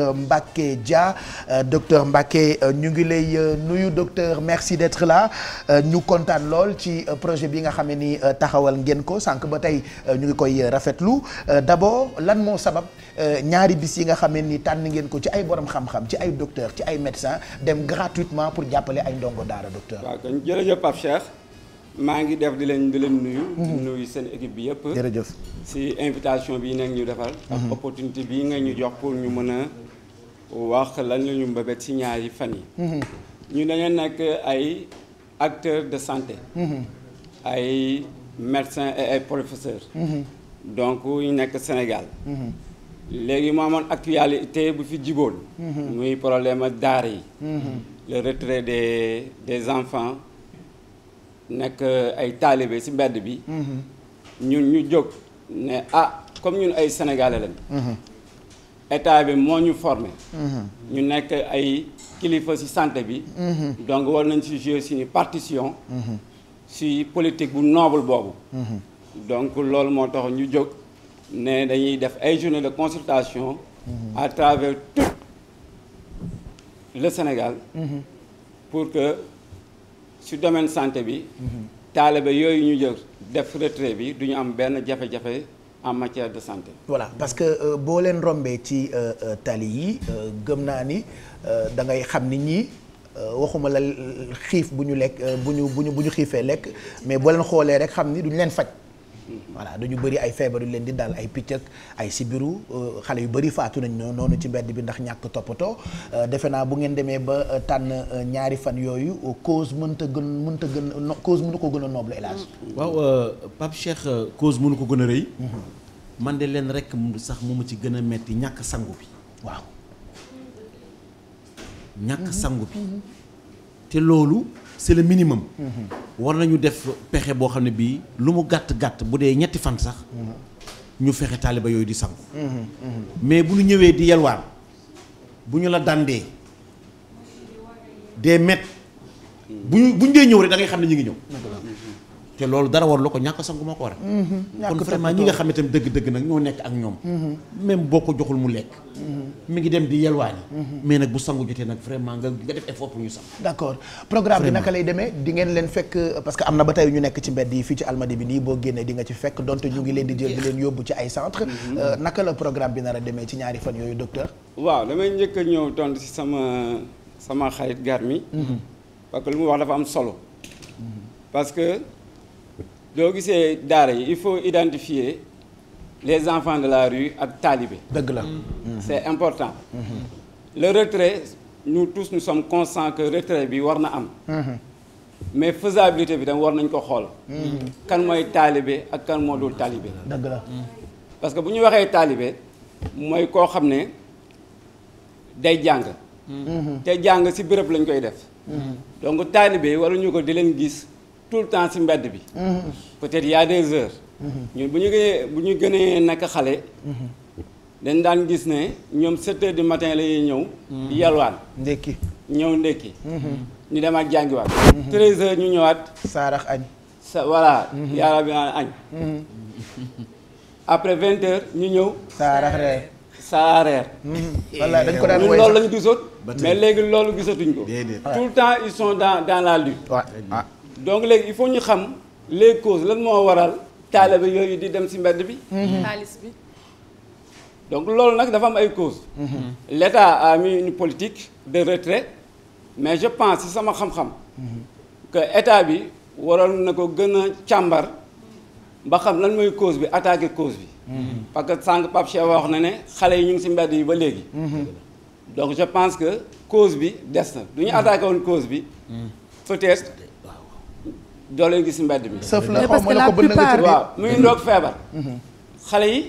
Mbacké Dia euh, docteur Mbacké euh, ñu ngi lay euh, nuyu docteur merci d'être là ñu kontaan lool ci projet bi nga xam ne ni taxawal ngeen ko sànq ba tey ñu ngi koy rafetlu d'abord lan moo sabab ñaari bis yi nga xam ne ni tànn ngeen ko ci ay borom xam-xam ay docteur ci ay médecin dem gratuitement pour jàppale ay ndongo daara docteur. waaw kon jërëjëf Pape Cheikh. maa ngi def di leen di leen nuyu. Mhm. di nuyu seen équipe bi yëpp. jërëjëf invitation bii nag ñu defal. Mhm. ak opportunité bii nga ñu jox pour ñu mën a wax lan la ñu mbëbët si ñaari fan yi. Mhm. ñu dañoo nekk ay acteurs de santé. ay médecins et ay professeurs. donc ñu nekk Sénégal. léegi moo amoon actualité bu fi jiboon. muy problème daara yi. le retrait des des enfants. nekk euh, ay taalibe ci mbedd bi mm-hmm. ñun ñu jóg ne ah comme ñun ay sénégalais lañ mm-hmm. état bi moo ñu forme mm-hmm. ñu nekk ay kilifa ci santé bi donc war nañ ci jouer suñu partition ci politique bu noble boobu donc loolu moo tax ñu jóg ne dañuy def ay journée de consultation à travers tout le Sénégal pour que ci domaine santé bi taalibe yooyu ñu jël def retrait bi du ñu am benn jafe-jafe en matière de santé. voilà parce que euh, boo leen rombee ci euh, euh, tali yi gëm naa ni da ngay xam ni ñii waxuma la xiif bu ñu lekk bu ñu bu ñu bu ñu xiifee lekk mais boo leen xoolee rek xam ni duñu leen faj. voilà dañu bëri ay feebar yu leen di daal ay picc ak ay sibiru euh, xale yu bari faatu nañ noonu ci mbedd bi ndax ñàkk toppatoo euh, defe naa bu ngeen demee ba euh, tànn ñaari fan yooyu cause mënta gën mënta gën cause mënu ko gën a noble hélas mm-hmm. waaw Pape Cheikh cause mënu ko gën a rëy mm-hmm. man de leen rek sax mu ci gën a metti ñàkk sangu bi waaw ñàkk sangu bi mm-hmm. te loolu c'est le minimum. Mm-hmm. war ñu def pexe boo xam ne bii lu mu gàtt gàtt bu dee ñetti fan sax. Mm-hmm. ñu fexe taaliba yooyu di sangu. Mm-hmm. mais bu ñu ñëwee di yalwaan bu ñu la dandee des mètres. bu ñu bu ñu dee ñëw rek da xam ne ñu ngi ñëw. te loolu dara war la ko ñàkk sangu moo ko waral mhm. kon vraiment ñi nga xam ne tam dëgg-dëgg nag ñoo nekk ak ñoom mhm. même boo ko joxul mu lekk mhm. mi ngi dem di yelwaani mais nag bu sangu jotee nag vraiment nga def effort pour ñu sang d'accord programme bi naka lay demee di leen fekk parce que am na ba tey ñu nekk ci mbedd yi fii ci almadi bi nii boo génnee di ci fekk donte ñu ngi leen di jël di leen yóbbu ci ay centre euh, naka la programme bi nar a demee a ñëw doo gisee daara yi il faut identifier les enfants de la rue ak talibé. dëgg la. Mm-hmm. Mm-hmm. c'est important. Mm-hmm. le retrait ñu tous nous sommes conscients que retrait bi war na am. mais faisabilité bi tam war nañ ko xool. kan mooy talibé ak kan moo dul talibé. dëgg la. parce que bu ñu waxee talibé mooy koo xam ne day jàng. te jàng ci béréb lañ koy def. donc talibé waruñu ko di leen gis. tout le temps si mbedd bi. peut-être y a des heures. ñun bu ñu gënee bu ñu gënee nekk xale. dañ daan gis ne ñoom 7 heures du matin la ñuy ñëw. di yalwaan. ndekki ñëw ndekki. Mhm. ñu demaat jàngiwaat. 13 mhm. heures ñu ñëwaat. saarax añ. sa voilà. Mhm. yaara bi naan añ. après 20 heures ñu ñëw. saarax reer. saarax reer. loolu lañu gisoon. mais léegi loolu gisatuñ ko. tout temps ils sont dans dans la lutte. donc léegi il faut ñu xam les causes lan moo waral taalibe yooyu di dem ci mbedd bi. Mhm. xaalis bi. donc loolu nag dafa am ay causes. Mhm. l' état a mis une politique de retrait mais je pense ci sama xam-xam. Mhm. que état bi waral na ko gën a càmbar ba xam lan mooy cause bi attaqué cause bi. parce que sànq Pape Cheikh wax na ne xale yi ñu ngi ci mbedd yi ba léegi. donc je pense que cause bi des na du ñu attaqué woon cause bi peut-être. doo leen gis mbedd mi. sëf la xaw mm-hmm. yi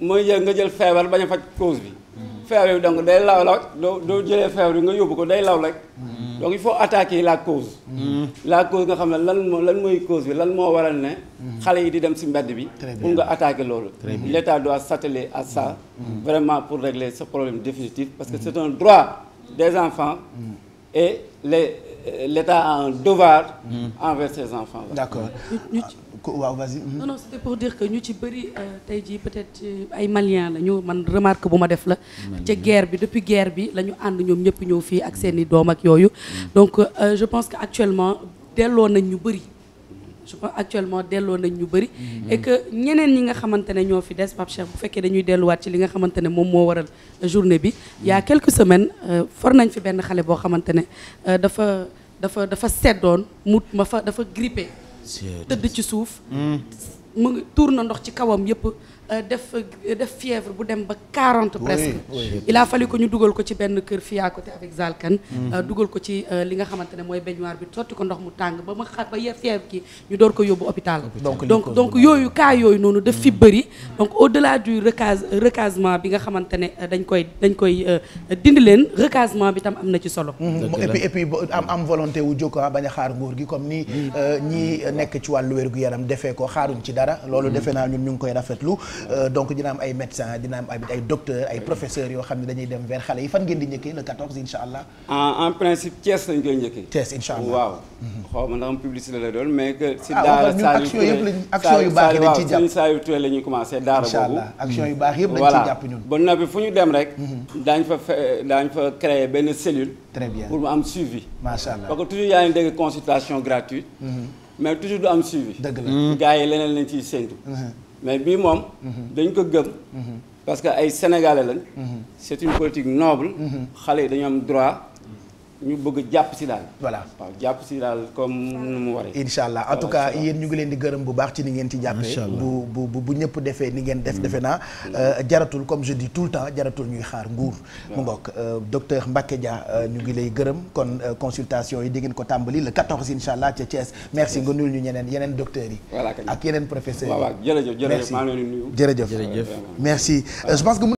mooy jël nga jël feebar bañ a faj bi. feebar bi donc day law la doo doo jëlee feebar bi nga yóbbu ko day law rek. Mm-hmm. donc il faut la cause. Mm-hmm. la cause nga xam ne lan moo lan mooy cause bi lan moo waral ne. xale yi di dem ci mbedd bi. pour nga attaquer loolu. l'État doit s'atteler à ça. vraiment pour régler ce problème parce que c'est un droit des enfants. et les. Euh, l'État a un devoir mm. envers ses enfants. d'accord ah, waaw mm. non non pour dire que ñu ci bëri euh, tey jii peut-être euh, ay Maliens la ñu man remarque bu ma def la. ca guerre bi depuis guerre bi la ñu ànd ñoom ñëpp ñëw fii ak seeni doom ak yooyu. Mm. donc je pense que actuellement delloo nañ ñu bëri. je pense actuellement delloo nañ ñu bëri mhm. et que ñeneen ñi nga xamante ne ñoo fi des Pape Cheikh bu fekkee dañuy delluwaat ci li nga xamante ne moom moo waral journée bi yaa mhm. y semaine quelques semaines euh, for nañ fi benn xale boo xamante ne euh, dafa dafa dafa seddoon mu ma fa dafa grippé tëdd ci suuf mm. mu tuur na ndox ci kawam yëpp Euh, def euh, def fièvre bu dem ba quarante presque il a fallu ñu dugal ko ci benn kër fii à côté avec Zalkan mhm. euh, dugal ko ci li nga xamante ne mooy baignoire bi sotti ko ndox mu tàng ba ma xar ba fièvre ki ñu door ko yóbbu hôpital donc donc yooyu cas yooyu noonu def fi mhm. bëri donc au delà du recase recasement bi nga xamante ne dañ koy dañ koy dindi leen recasement bi tam am na ci solo mhm. et puis et puis am am volonté wu jóg ah, bañ a xaar nguur gi comme ni ñi nekk ci wàllu wér gu yaram defee ko xaaruñ ci dara loolu defee naa ñun ñu ngi koy rafetlu Euh, donc dina am ay médecins dina am ay docteurs ay professeurs yoo xam ne dañuy dem vers xale yi fan ngeen di njëkkee le 14 incha allah. en principe Thiès lañ koy njëkkee. Thiès incha allah waaw. xaw ma ndax am publicité la doon mais que. si ah, daara saa yu turee action yu baax dañ ciy jàpp saa saa yu la ñuy commencé daara boobu. incha yu baax yëpp dañ ciy jàpp ñun. ba noppi fu ñu dem rek. Mhm. daañ fa fe daañ fa créer benn cellule. très bien pour mu am suivi. macha allah parce que toujours yaa ngi dégg consultation gratuite. Mhm. mais toujours du am suivi. dëgg yi leneen lañ ciy séntu. Mhm. mais bi moom. Mhm. dañ ko gëm. Mhm. parce que ay sénégalais lañ. Mhm. c'est une politique noble. xale yi dañu am droit. ñu bëgg jàpp si daal. voilà jàpp si daal comme nu mu waree. incha allah en tout cas yéen ñu ngi leen di gërëm bu baax ci ni ngeen ci jàppee. bu bu bu bu defee ni ngeen def defe mm. naa. Mm. Euh, jaratul comme je dis tout le temps jaratul ñuy xaar nguur. Mm. mu ngoog euh, docteur Mbacké Dia euh, ñu ngi lay gërëm kon consultation yi di ngeen ko tàmbali le 14 incha allah ca Thiès. merci nga nuyul ñu ñeneen yeneen docteurs yi. ak yeneen professeurs yi. waaw waaw jërëjëf merci je pense que.